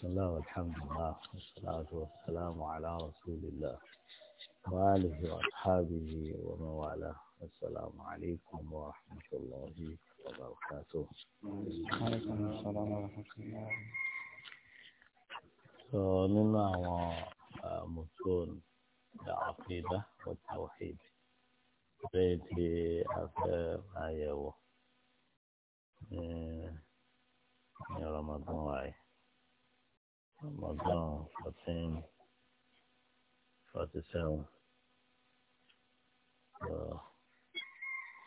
بسم الله والحمد لله والصلاة والسلام على رسول الله وآله وأصحابه ومن والاه السلام عليكم ورحمة الله وبركاته وعليكم السلام ورحمة الله هو ومتون العقيدة والتوحيد بيتي أفهم أيوه رمضان وعي Ramadan fourteen forty seven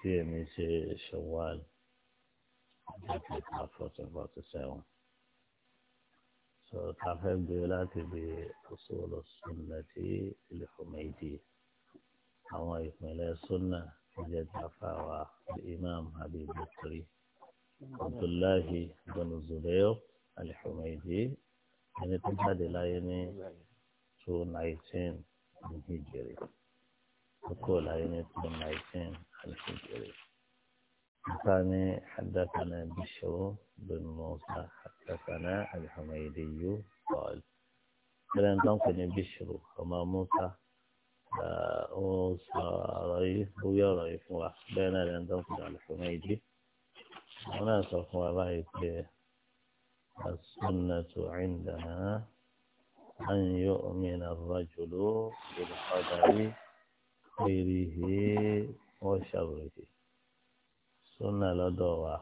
tí èmi ṣe Shawwal ọjọ́ fourteen forty seven so ta fẹ́ gbé láti bí usul sunnati al-Humaydi àwọn ìpínlẹ̀ sunna jẹ́ tafa wa imam Habib Bakri Abdullahi bin Zubair al ẹni tó jáde láyé ní two nineteen alhijiri tó kúrò láyé ní two nineteen alhijiri. ثاني حدثنا بشر بن موسى حدثنا الحميدي قال كلام تنقل بشر وما موسى أوصى رأيه ويا رأيه بين الأندوق الحميدي وناس أخوة رأيه السنة عندنا أن يؤمن الرجل بالقدر خيره وشره سنة لدوا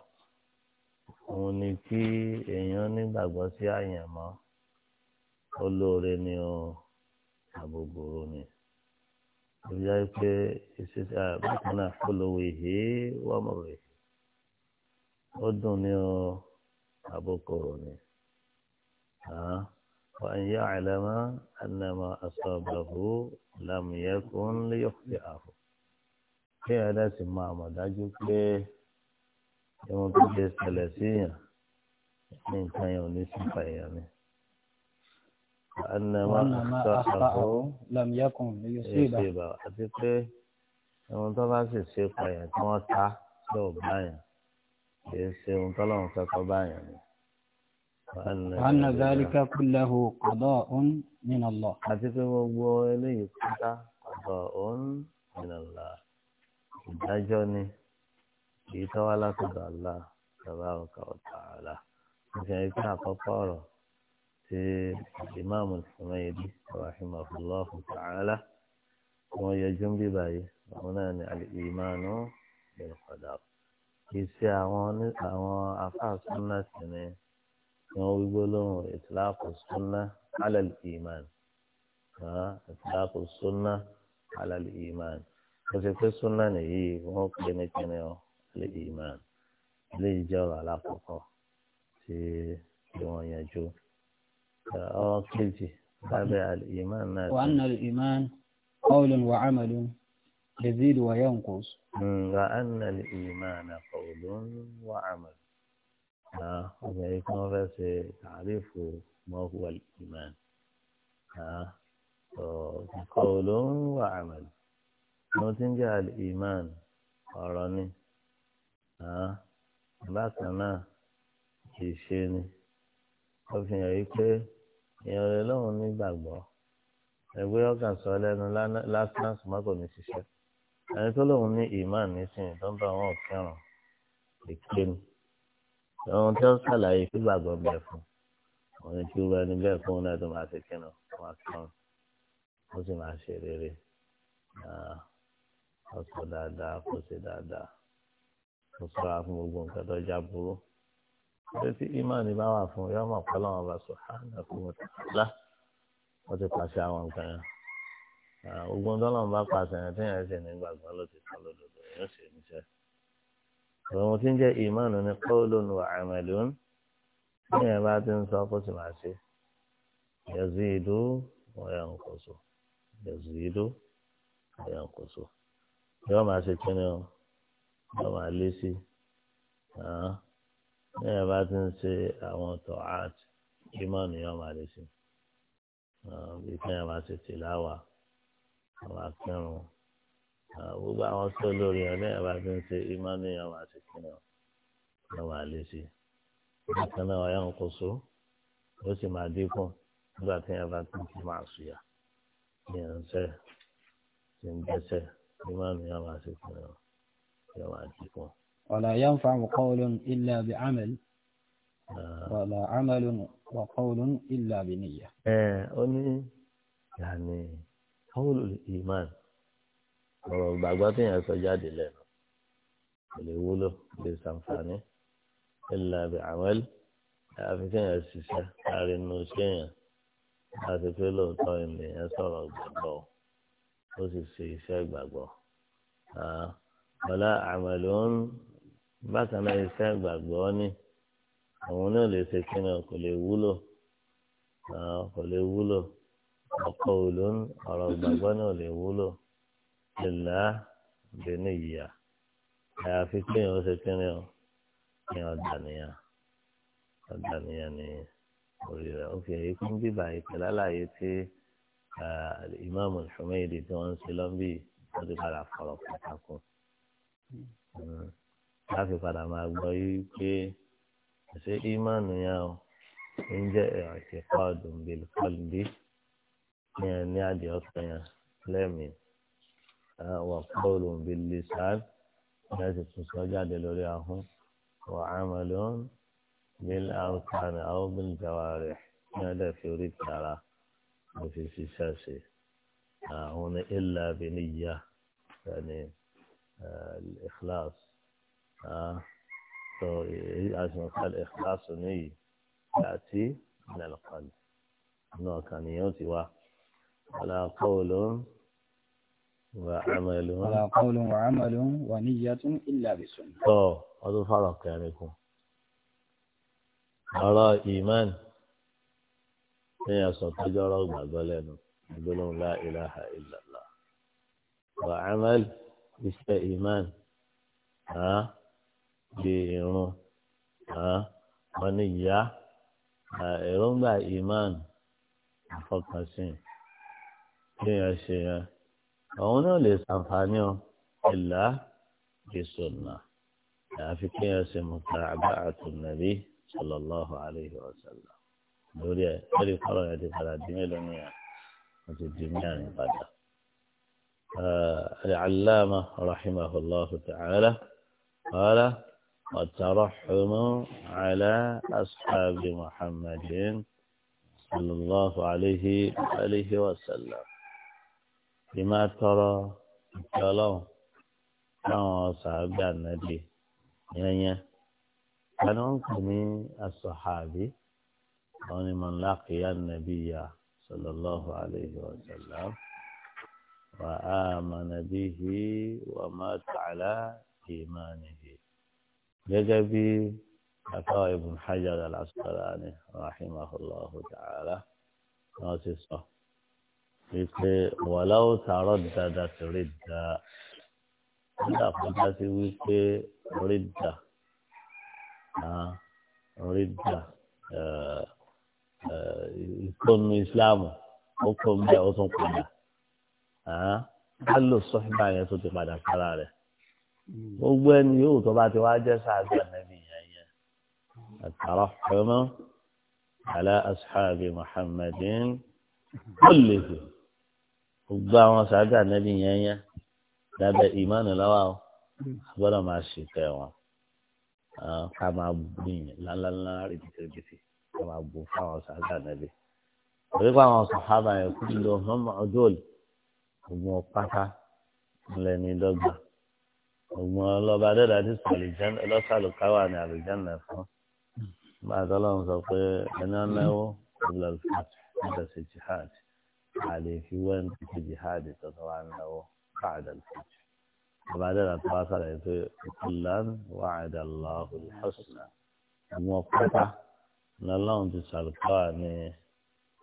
òun ni kí èèyàn nígbàgbọ́ sí àyànmọ́ olóore ni o àbòbòrò ni ìyá pé ìṣiṣẹ́ àbákan náà polówó ìhé wọ́n mọ̀ rẹ̀ ó dùn ní o àbókòrò ni. وأن يعلم أن ما أصابه لم يكن ليخطئه kí ẹ lẹ́sìn máa mọ̀ dájú pé ohun tó lè ṣẹlẹ̀ sí èèyàn ní nǹkan yẹn ò ní sípa èèyàn ni. Ànàmọ́ àṣàkó ìṣèbà àti pé ohun tó bá sì ṣe pààyàn tí wọ́n ta tí ò báyàn kì í ṣe ohun tó lọ́run fẹ́ kọ́ báyàn ni. وأن ذلك كله قضاء من الله حتى هو إليه قضاء من الله دجوني يتوالى قضاء الله تبارك وتعالى كيف أقرأ في الإمام الحميدي رحمه الله تعالى ويجم بباي هنا الإيمان بالقدر يسي أعوان أعوان أفعال سنة سنة kí wọ́n wí gbólóhùn ìtìláàkù súnná alẹ́lì ìmán ìtìláàkù súnná alẹ́lì ìmán ó ti pé súnná nìyí wọ́n pè ní kíni ọ alẹ́lì ìmán eléyìí jẹ́ ọ̀rọ̀ alákọ̀ọ́kọ́ tí wọ́n yanjú ọ̀rọ̀ kejì lábẹ́ alẹ́ ìmán náà. wàá nà ìmán qawlun wa amalun yazid wa yanqus. Hmm, wàá nà ìmán qawlun wa amalun ọmọ yìí kí wọ́n fẹ́ ṣe tàrífù mọ́wàl ìmán kọ́ ló ń wà àmàlì mo ti ń jẹ́ àlè ìmán ọ̀rọ̀ ni bákan náà kì í ṣe ni ó fi hàn yí pé èèyàn rẹ̀ lọ́hùn nígbàgbọ́ ẹgbẹ́ ọ̀gàn sọ lẹ́nu lásán ṣùgbọ́n kò ní ṣiṣẹ́ ẹni tó lóun ní ìmán nísìnyí tó ń bá wọn fẹ́ràn ìpinnu ohun tí wọ́n ṣàlàyé fún gbàgbọ́ bẹ́ẹ̀ fún wọn ni tí ó bá ní bẹ́ẹ̀ fún náà tó máa ṣe kínú wọn kàn ó sì máa ṣe rere ó sọ dáadáa kó ṣe dáadáa ó sọra fún gbogbo nǹkan tó já burú létí ìmánì bá wà fún yọmọ pẹ̀lú àwọn ọba subhanahu wa ta'ala wọ́n ti pàṣẹ àwọn nǹkan yẹn ogun tó lọ́n bá pàṣẹ yẹn tí yẹn ṣe ní gbàgbọ́ ló ti sọ lódodo yóò ṣe níṣẹ́ àwọn tí ń jẹ́ ìmánu ní qawlun wa amalun ní ẹ̀ bá ti ń sọ kó sì máa ṣe yazidu wa yanqusu yazidu wa yanqusu yóò máa ṣe kíni o yóò máa lé sí ní ẹ̀ bá ń ṣe àwọn tó àti ìmánu yóò máa lé sí bí kí máa ṣe tìláwà àwọn akẹ́rùn-ún. Ah, gbogbo àwọn tó lórí ẹ̀ lẹ́yìn bá ti ń ṣe ìmánú yẹn wà sí kí ni wọ́n wà lé sí i bákan náà ọ̀yà ń kó so ó sì máa dínkù nígbà tí yẹn bá ti máa sùn yà ní ẹ̀ńsẹ̀ ah. eh, ní ẹ̀ńdẹ́sẹ̀ ìmánú yẹn wà sí kí ni wọ́n wà dínkù. ولا ينفع قول إلا بعمل ولا عمل وقول إلا بنية. إيه أني يعني قول الإيمان ọ̀rọ̀ ìgbàgbọ́ tí yẹn sọ jáde lẹ́nu kò lè wúlò lè ṣàǹfààní ilà àbí àmẹ́l àfi tí yẹn ṣiṣẹ́ láàrin inú iṣẹ́ yẹn láti pé lóòótọ́ ènìyàn sọ̀rọ̀ ìgbàgbọ́ ó sì ṣe iṣẹ́ ìgbàgbọ́ ọ̀la àmẹ́l òun bákan náà iṣẹ́ ìgbàgbọ́ ni àwọn náà lè ṣe kí náà kò lè wúlò kò lè wúlò ọkọ̀ òlónú ọ̀rọ̀ ìgbàgbọ́ náà lè wúlò ìlà bẹ̀ẹ́nì ìyá àyàfi kéèyàn ó ṣe kéré o kéèyàn dànìyàn dànìyàn ní orí rẹ̀ ó fi èyí kún bíbà ìpẹ̀lẹ́ àlàyé tí ìmáàmù Humaydi tí wọ́n ń ṣe lọ́nbí wọ́n ti padà fọ̀rọ̀ pàtàkùn láti hmm. padà máa gbọ́ yí pé ṣé ìmáàmù yẹn o ń jẹ́ ẹ̀rọ ìṣèkọ́ ọ̀dùnbẹ̀lẹ̀ kọ́lùdé ní adìẹ ọ̀sán yẹn lẹ́mìí. وقول باللسان لازم تسجد لرياهم وعمل بالأركان أو بالجوارح هذا في ريب ترى وفي سيساسي هنا إلا بنية يعني الإخلاص تو عشان قال إخلاص نية تأتي من القلب نوع كان يوتي وعلى قول وعمل ولا قول وعمل ونية إلا بالسنة اه هذا فرق عليكم أرى إيمان هي ستجرى بعدلنا يقولون لا إله إلا الله وعمل iṣẹ́ إيمان، ha di irun ha wọn ni ìyá èròǹgbà iman àfọkànsìn kéèyàn àwọn náà lè ṣàǹfààní ọ ìlà ìsọ̀nà àfi kí ẹ ṣe mú ká mùtàràbà àtúnàbí sallallahu alayhi wa sallam lórí ẹ lórí kọ́lọ̀ ẹ ti padà dín mélòó ní ẹ wọ́n ti dín mẹ́rin padà. العلامة رحمه الله تعالى قال والترحم على أصحاب محمد صلى الله عليه وآله وسلم fi máa tọrọ ìfẹ́ ọlọ́run láwọn sàábà nàbì yẹnyẹn tani wọn kò ní asọ̀hàbí àwọn ni màá lákìyà nàbì yà sallallahu alayhi wa sallam wa amana bihi wa mata ala imanihi gẹ́gẹ́ bí àtàwọn ibùn hajar al-asqalani rahimahullahu ta'ala wọ́n ti sọ wípé wàláwò tààrọ̀ dáadáa sí rí da nígbà kọjá sí wípé rí da rí da ìkónú ìsìláàmù ó kó mbẹ ó tún padà ká lò sọ́fìmà yẹn tó ti padà sára rẹ̀ gbogbo ẹni yóò tó bá ti wá jẹ́ sáájú ànábì yẹn yẹn àtàrà fẹ́mọ́ alẹ́ asuhàbí muhammadin kúlẹ̀ fún gbogbo àwọn sàádà nẹ́bí yẹn yẹn lábẹ́ ìmánu lọ́wọ́ o gbọ́dọ̀ máa ṣètò ẹ̀wọ̀n ká máa gbìn lálálá rìbìtìrìbìtì ká máa bù fáwọn sàádà nẹ́bí. torí pé àwọn sàhábà yẹn kú lọ lọ́mọ ọjọ́ òòlù ogun pátá ńlẹ̀ ní dọ́gba ogun ọlọ́ba dẹ́dà ti sàlìjánà ọlọ́sàlùkáwà ní àlùjánà fún bàtà ọlọ́run sọ pé ẹni ọ̀nà ẹ̀wọ̀ ọ̀bùlà ìfàtì ọ̀bùlà ìfàtì. عليه في وين في جهاد طبعا له بعد الفجر وبعدين تواصل يقول كلا وعد الله الحسنى موقفة لله انت سالقاني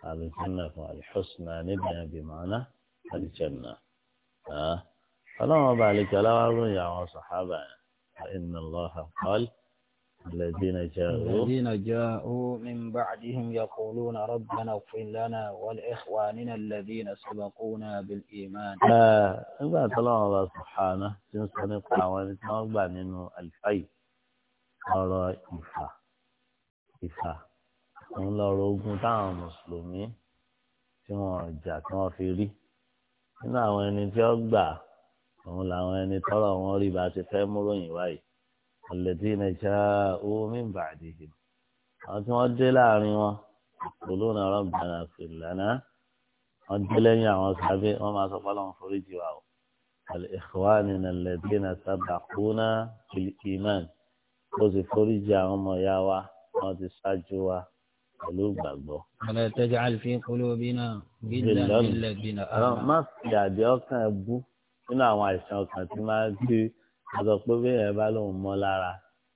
الجنة الحسنى نبنى بمعنى الجنة ها آه. فلما بالك لا يا صحابة فإن الله قال الذين جاءوا الذين جاءوا من بعدهم يقولون ربنا اغفر لنا ولإخواننا الذين سبقونا بالإيمان آه الله سبحانه سنسان قاوان تنوبا منه الفي أرى إفا إفا òun lọ rogun táwọn mùsùlùmí tí wọn jà tí wọn fi rí nínú àwọn ẹni tí ó gbà òun làwọn ẹni tọrọ wọn rí bá ti fẹ́ múròyìn wáyìí الذين جاءوا من بعدهم àwọn tí wọ́n dé láàrin wọn olóòna rọ́bìnrin àfihàn lánàá wọ́n dé lẹ́yìn àwọn sábẹ́ wọ́n máa sọ fọlọ́n foríjì wa o al-ikhwanina alladhina sabaquna bil iman ó sì foríjì àwọn ọmọ ìyá wa wọ́n ti ṣáájú wa pẹ̀lú ìgbàgbọ́. ala taj'al fi qulubina gíga nílẹ̀ gbìnà. má fi àdé ọkàn bú nínú àwọn àìsàn ọkàn tí máa a sọ pé bí ẹ bá lóun mọ́ lára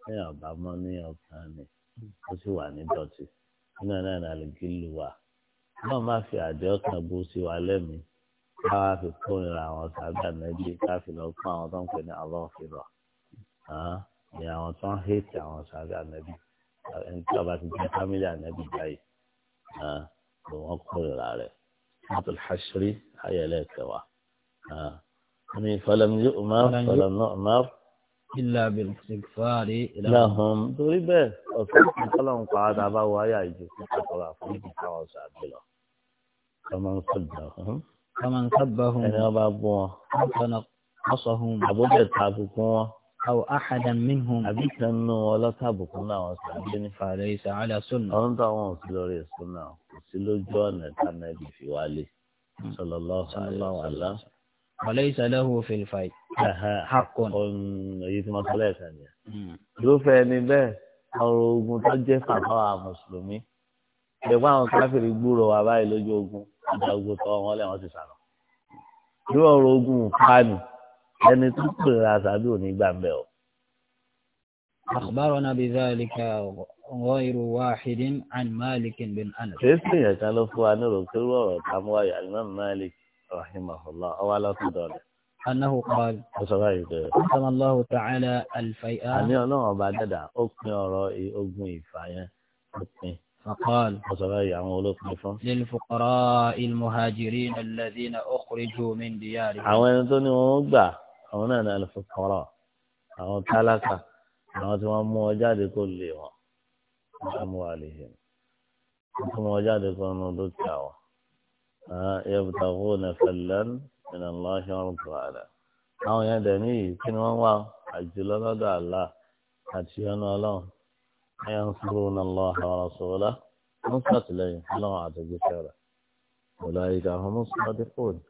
ẹ̀yàn ọ̀bá mọ́ ní ọ̀kan ni ó sì wà ní dọ̀tí nínú náà ní àlejò lù wá náà má fi àdé ọkàn bó sí wa lẹ́mìí ká wá fi kórìíra àwọn sábà méjì ká fi lọ kó àwọn tó ń pè ní àlọ́ọ̀fìrọ̀ ni àwọn tó ń hẹ́tì àwọn sábà méjì ẹni tí ti jẹ́ fámílì ànẹ́bí báyìí ló wọ́n kórìíra rẹ̀ mọ́tò hàṣírí ayẹlẹ́ tẹ̀wá àmì falam yu'mar falam nu'mar. ilà bìrìsìkfàárì. lahum torí bẹ́ẹ̀ ọ̀sán kí kọ́lọ̀ ń pa ara bá wọ ayé àìjù kí kọ́kọ́rọ́ àforíjì káwọn sàbí lọ. kọ́mọ ń sọ̀dọ̀ ọ̀hún. kọ́mọ ń sábà hùn. ẹni wọn bá bú wọn. ọ̀sán ọ̀sán hùn. àbúkẹ́ tàbùkù wọn. أو أحدا منهم أبيك أنه ولا تابك الله وسلم فليس على سنة أنت وصلوري السنة وصلو جوانا كان في والي صلى الله عليه وسلم walaysa lahu fil fayt haqqun. èyí tí wọ́n sọlẹ̀ ẹ̀sẹ̀ ni. Hmm. irúfẹ́ ẹni bẹ́ẹ̀ ọrọ̀ ogun tó jẹ́ fàtàwà mùsùlùmí ẹ̀gbọ́n àwọn káfíìrì gbúrò wà báyìí lójú ogun ọjà ogun tó wọn lẹ́wọ̀n ti sàlọ̀. irú ọrọ̀ ogun fáànù ẹni tó pè é àṣàbí òní gbàmbẹ́ o. أخبرنا بذلك غير واحد عن مالك بن أنس. كيف يعني كان له فوانيرو كل ورا كم واحد عن مالك رحمه الله أو على فضله أنه قال حكم الله تعالى الفيئة أن يعلم بعد دع أقني أرائي أقني فعيا أقني فقال للفقراء المهاجرين الذين أخرجوا من ديارهم أولا توني ومقبع أولا الفقراء أو تلك أو تمام وجاد كل يوم أموالهم أو تمام وجاد كل نضوك يبتغون فلا من الله ورضوانا àwọn yẹn dẹ̀ níyì kí ni wọ́n wá àjùlọ lọ́dọ̀ àlá àti ọ̀nà ọlọ́run ẹ̀yà ń sọ̀rọ̀ náà lọ àwọn ọ̀ṣọ́lá ń sàtìlẹ́yìn ọlọ́run àtẹ̀jíṣẹ́ rẹ̀ ọ̀là ìgbà àwọn mùsùlùmí fòònù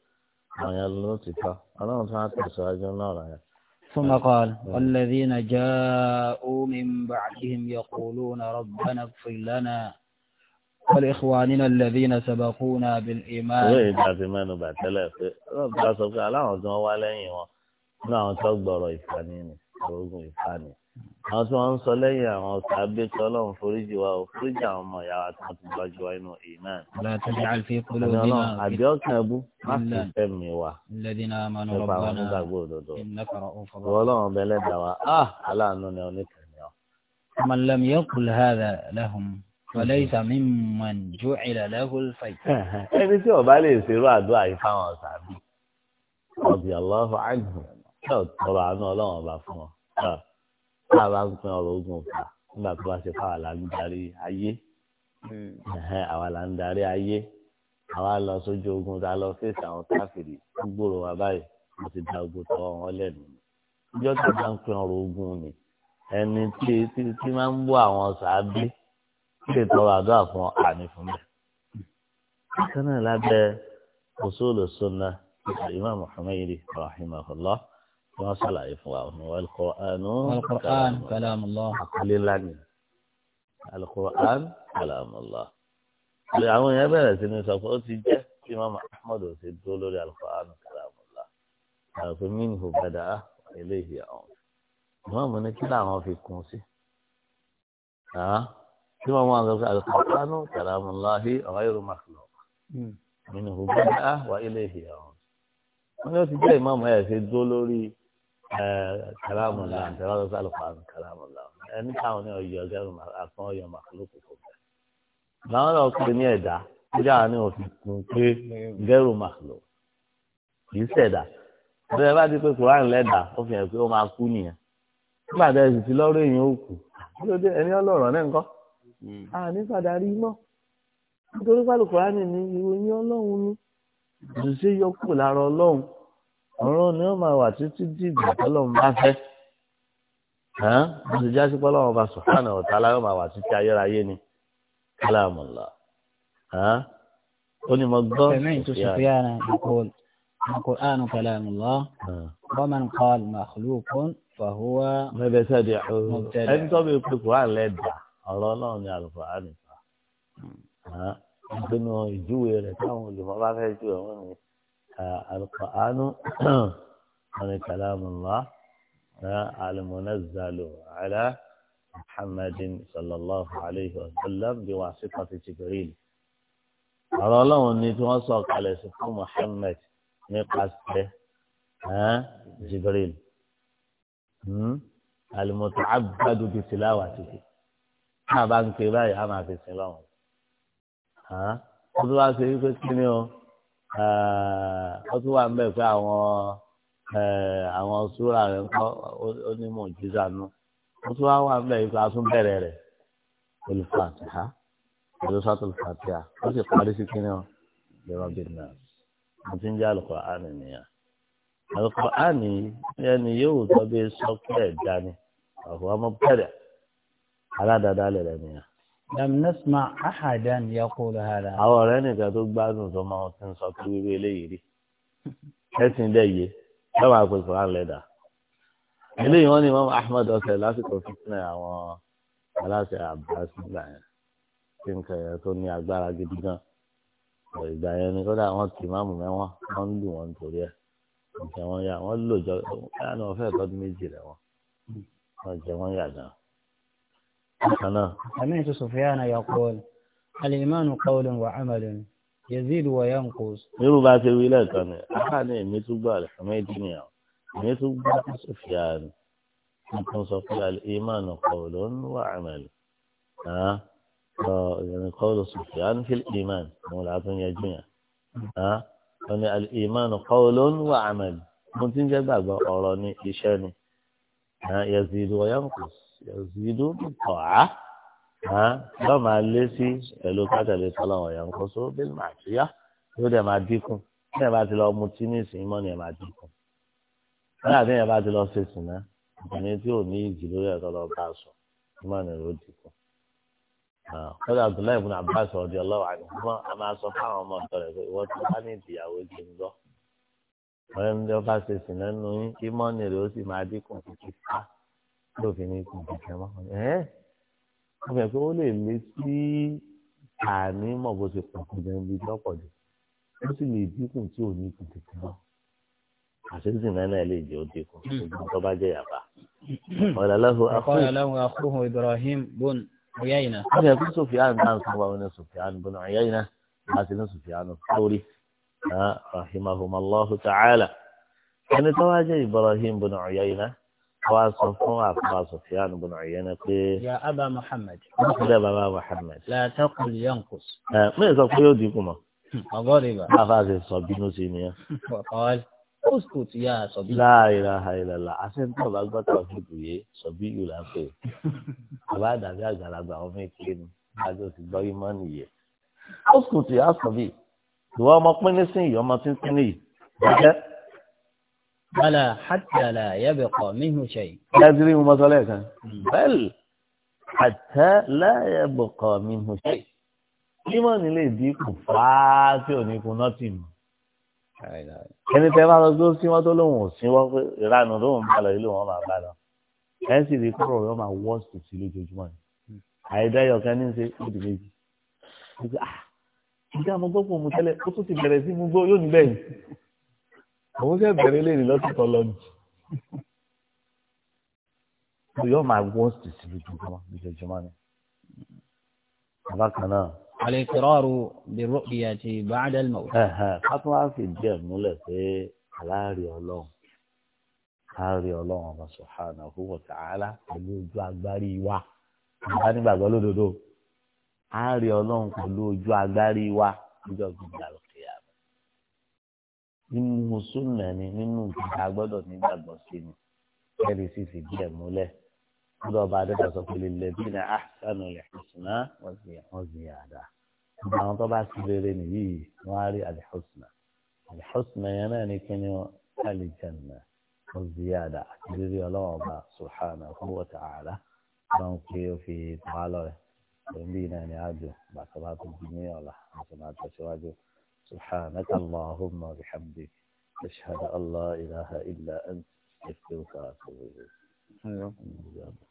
àwọn yẹn ló ti ká ọlọ́run tó ń tẹ̀síwájú náà rẹ̀. ثم قال والذين جاءوا من بعدهم يقولون ربنا اغفر لنا ولإخواننا الذين سبقونا بالإيمان وإذا في من بعتلا في رب عصبك على عزم ولين نعم تقبر إفانين روغم إفاني àwọn tí wọn ń sọ lẹ́yìn àwọn sàbẹ tí Ọlọ́run foríjì wa ò foríjì àwọn ọmọ ìyá wa tí wọn ti gbájú wa inú iman. Ọlọ́run àbí ọkàn ẹbú má fi fẹmi wa nípa àwọn onígbàgbọ́ òdodo Ọlọ́run ọbẹ Ẹlẹ́dàá wa ah, aláàánú ni oníkànnì ọ. màlẹ́mú hàdà lẹ́hùn ọ̀lẹ́ ìsàmì mọ̀njú ìlàlẹ́hùn fàyè. ẹni tí ọba lè ṣerú àdúrà yìí fáwọn ọ̀sàbí ọ̀bì ọlọ́fọ̀ àìsàn ẹ̀ tọrọ àánú ọlọ́run ọba fún ọ náà bá ń pín ọ̀rọ̀ ogun ọ̀fà nígbà tó bá ṣe fáwọn là ń darí ayé hmm. àwa là ń darí ayé àwa lọ sójú ogun tá a lọ fèsì àwọn káfíìrì gbòòrò wa báyìí mo ti da ogun tọ wọn lẹ́nu ìjọ tó bá ń pín ọ̀rọ̀ ṣe tọrọ àdúrà fún àní fún mi. bákan náà lábẹ́ òṣòlò sunna imam muhammed rahimahullah tí wọ́n ṣàlàyé fún wa ọ̀hún alqur'anu kalamullah àkọlé lánìí alqur'an kalamullah. àwọn èèyàn bẹ̀rẹ̀ sí ní sọ pé ó ti jẹ́ tí imam ahmed ò ti dúró lórí alqur'an kalamullah. àrùkù minhu bada'a eléyìí àwọn. imam ní kí làwọn fi kún sí tí wọ́n máa ń sọ pé alukọ̀tánù kàràmùláhì ọ̀háyòrò màkìlọ̀ nínú gbogbo á wà ilé ìhìyà wọn. wọ́n ní ó ti jẹ́ ìmáàmù ẹ̀ ṣe dúró lórí kàràmùláhì tẹ̀wá sọ pé alukọ̀tánù kàràmùláhì ẹni káwọn ní ọ̀yọ́ ọ̀gẹ́rùn àfọ́n ọ̀yọ́ màkìlọ̀ kò kò bẹ̀. làwọn náà pè ní ẹ̀dá níjà ni òfin kún pé gẹ́rù màkìlọ̀ kì í ṣẹ̀dá bẹ́ẹ̀ bá ti pé kùránì àní hmm. sàdárí mọ́ nítorí pàlù kùránì ní ìròyìn ọlọ́run ni òṣìṣẹ́ yọkù lára ọlọ́run ọ̀rọ̀ ni wọ́n máa wà títí di ìgbà tọ́lọ́run bá fẹ́ wọ́n ti já sí pọ́lọ́run ọba sùhánà ọ̀tá aláyọ̀ máa wà títí ayérayé ni kálàmùlà ó ní mo gbọ́ القرآن كلام الله ومن قال مخلوق فهو مبتدع مبتدع أنت القرآن لا يدعي ọ̀rọ̀ ọlọ́run ní àlùfáà àlùfáà ìpinnu ìjúwe rẹ̀ táwọn olùkọ́ bá fẹ́ ju ẹ̀wọ̀n ni àlùkọ́ánú ọ̀nà kàlámùlá àlùmọ́nàzàlù àlá muhammadin sallallahu alayhi wa sallam bí wàá sí pàtó jibril ọ̀rọ̀ ọlọ́run ni tí wọ́n sọ kalẹ̀ sí fún muhammad nípasẹ̀ jibril hmm? alimọ̀tò abdadu bisilawatihi náà bá ń pe báyìí á máa fi sin lọ́wọ́ ó tún wá ṣe wípé kí ni o ó tún wà ń bẹ̀ pé àwọn eh, àwọn súra rẹ̀ ń kọ́ onímọ̀ jíjà nù ó tún wá wà ń bẹ̀ pé a tún bẹ̀rẹ̀ rẹ̀ olùfàtìhá olùsọ́tò olùfàtìhá ó sì parí sí kí ni o lọ́rọ́bì náà mo ti ń jẹ́ àlùkò àmì nìyà àlùkò àmì yẹn ni yóò tọ́ bí sọ́kẹ́ ẹ̀dá ni àwọn ọmọ bẹ̀rẹ̀ aládàáda lẹ̀lẹ̀ nìyẹn. lam nasma ahadan yaqulu hada. àwọn ọ̀rẹ́ nìkan tó gbádùn tó máa ti ń sọ pé wíwé eléyìí rí ẹ̀sìn dẹ̀ yé lọ́wọ́ àpèkọ́ àlẹ́dà. eléyìí wọ́n ní imam ahmed ọ̀sẹ̀ lásìkò fitna àwọn aláṣẹ abbas nígbà yẹn tí nǹkan yẹn tó ní agbára gidi gan. ìgbà yẹn ni kódà wọ́n ti máàmù mẹ́wọ́n wọ́n ń lù wọ́n nítorí ẹ̀ nǹkan wọn yà wọ́n lò jọ حسنا سمعت سفيان يقول الإيمان قول وعمل يزيد وينقص irú bá ti wí lẹ́ẹ̀kan ni aká ní èmi tún gbọ́ àlùfáàmẹ́dì ni àwọn èmi tún gbọ́ sùfìàn nǹkan sọ pé al-iman qawlun wa amal ìrìn qawlu sùfìàn fi al-iman òun là á tún yẹjú yẹn wọ́n ní al-iman qawlun wa amal mo ti ń jẹ́ gbàgbọ́ ọ̀rọ̀ ni iṣẹ́ ni yazidu wa yanqus yọ̀sídú tọ̀á yóò máa lé sí pẹ̀lú kájọ̀lẹ̀ sọlọ́wọ́ yẹn kó só bí màtíyá yóò dẹ̀ máa dínkù bí ẹ̀ bá ti lọ mu tí ní ìsìn mọ́ ni ẹ̀ máa dínkù bí àti ẹ̀ bá ti lọ ṣe sùn náà ìpàdé tí ò ní ìjì lórí ẹ̀ tọ́lọ́ bá a sùn ní mọ́ ni yóò dínkù. kọ́dà Abdullahi ibùn Abbas ọ̀dí ọlọ́wà ni wọ́n a máa sọ fáwọn ọmọ ọ̀dọ́ rẹ̀ pé ìwọ́n ti bá ní ìdìyàwó ti ń gbọ́. ọ̀rẹ́ mi lọ́ bá ṣe sùn lẹ́nu yín lófin ní ibi kan mọ́ ẹ́ wọ́n fẹ́ pé ó lè lé sí àní mọ̀ bó ṣe pọ̀ kọjá ibi lọ́pọ̀ jù ó sì lè dínkù tí ò ní ibi kan mọ́ àṣírí nánà ẹ lè jẹ ó dínkù ṣùgbọ́n tó bá jẹ yàrá. ọ̀làláhùn akóhùn Ibrahim bon Uyayna. wọ́n fẹ́ pé Sufyan náà sọ wà ní Sufyan bon Uyayna láti ní Sufyan sórí rahimahumullahu ta'ala ẹni tó wá jẹ Ibrahim bon Uyayna wa sọ fún àfọwà Sufyan ibn Uyayna pé. ya aba Muhammad. wọ́n ti dẹ́ bàbá Muhammad. la taqul yanqus. ẹ mi sọ pé yóò dínkù mọ́. ọgọ́rìbà. bàbá àti sọ bínú sí ni ẹ. ọ̀ọ́lì kóòtù tí yà sọ bí. láàyèrè àìlèlà àṣẹǹtà bá gbọ́dọ̀ fìdí yé sọ bí yìí là ń pè. bàbá àdàbí àgbàlagbà ọmọ ìpè ni àjọ ti gbọ́ yìí mọ́ nìyẹn. kóòtù tí yà sọ bí. ìwọ ọmọ pínín ìyọmọ tí ń pín nìyí bala hatta la yabqa minhu shay. láti rí mo sọlẹ̀ kan hmm. bẹ́ẹ̀l hatta la yabqa minhu shay. mímọ́ ni lè dínkù fáá tí ò ní kun nọ́ọ̀tì mọ́. ẹni tẹ́ bá lọ tó sí wọn tó lóun ò sí wọn pé ìranù lóun bá lọ ilé wọn máa bá lọ. ẹ sì rí kúrò yóò máa wọ́ọ̀sì sí lójoojúmọ́ ni. àìdáyọ̀ kan ní í ṣe ó di méjì ah, ìgbà àmọ́ gbọ́pọ̀ mu tẹ́lẹ̀ ó tún ti bẹ̀rẹ̀ sí mu gbọ́ yóò ní bẹ́ẹ̀ òun ṣe bẹ̀rẹ̀ lẹ́yìn lọ́sítọ̀ lọ́jì so yóò máa wọ́n sì sí lójoojúmọ́ lójoojúmọ́ ni bàbá kan náà. àlèkìrọ́rù bí rúbìyà ti bàdàl mọ̀. ká tún wá fi díẹ̀ múlẹ̀ pé aláàrí ọlọ́run káàrí ọlọ́run ọba subhanahu wa ta'ala pẹ̀lú ojú agbárí wa bàbá nígbàgbọ́ lódodo àárí ọlọ́run pẹ̀lú ojú agbárí wa níjọ́ nínú súnà ni nínú ìgbà gbọ́dọ̀ nígbàgbọ́ sí ni kẹ́rì sì fi díẹ̀ múlẹ̀ gbọ́dọ̀ bá dẹ́ta sọ pé lílẹ̀ bí ní àṣàánú ìhùsùnà wọ́n sì yàdá gbogbo àwọn tó bá sí rere nìyí wọ́n á rí àlìhùsùnà àlìhùsùnà yẹn náà ní kí ni àlìjẹ̀nà wọ́n sì yàdá àti rírí ọlọ́wọ́n bá subhanahu wa ta'ala lọ́n pé ó fi pa lọ́rẹ̀ lórí náà ni àjò bàtà bá tó di ní ọ̀la àti máa tẹ̀síwájú subhanaka Allahumma wa أشهد أن لا إله إلا أنت استغفرك وأتوب إليك أيوة.